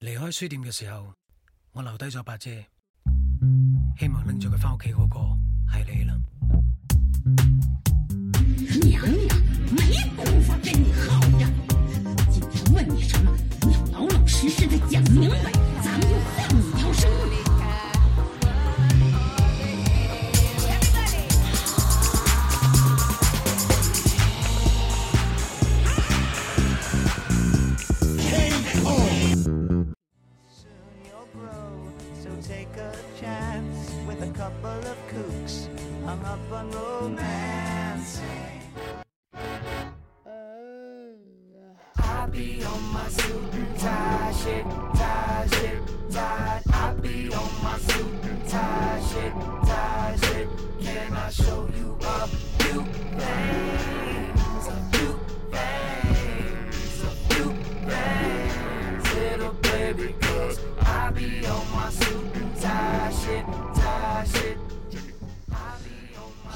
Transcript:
離開書店嘅時候，我留低咗把遮，希望拎住佢翻屋企嗰個係你啦。娘娘、啊、沒工夫跟你耗着、啊，我今天問你什麼，你要老老實實的講明白。咱們就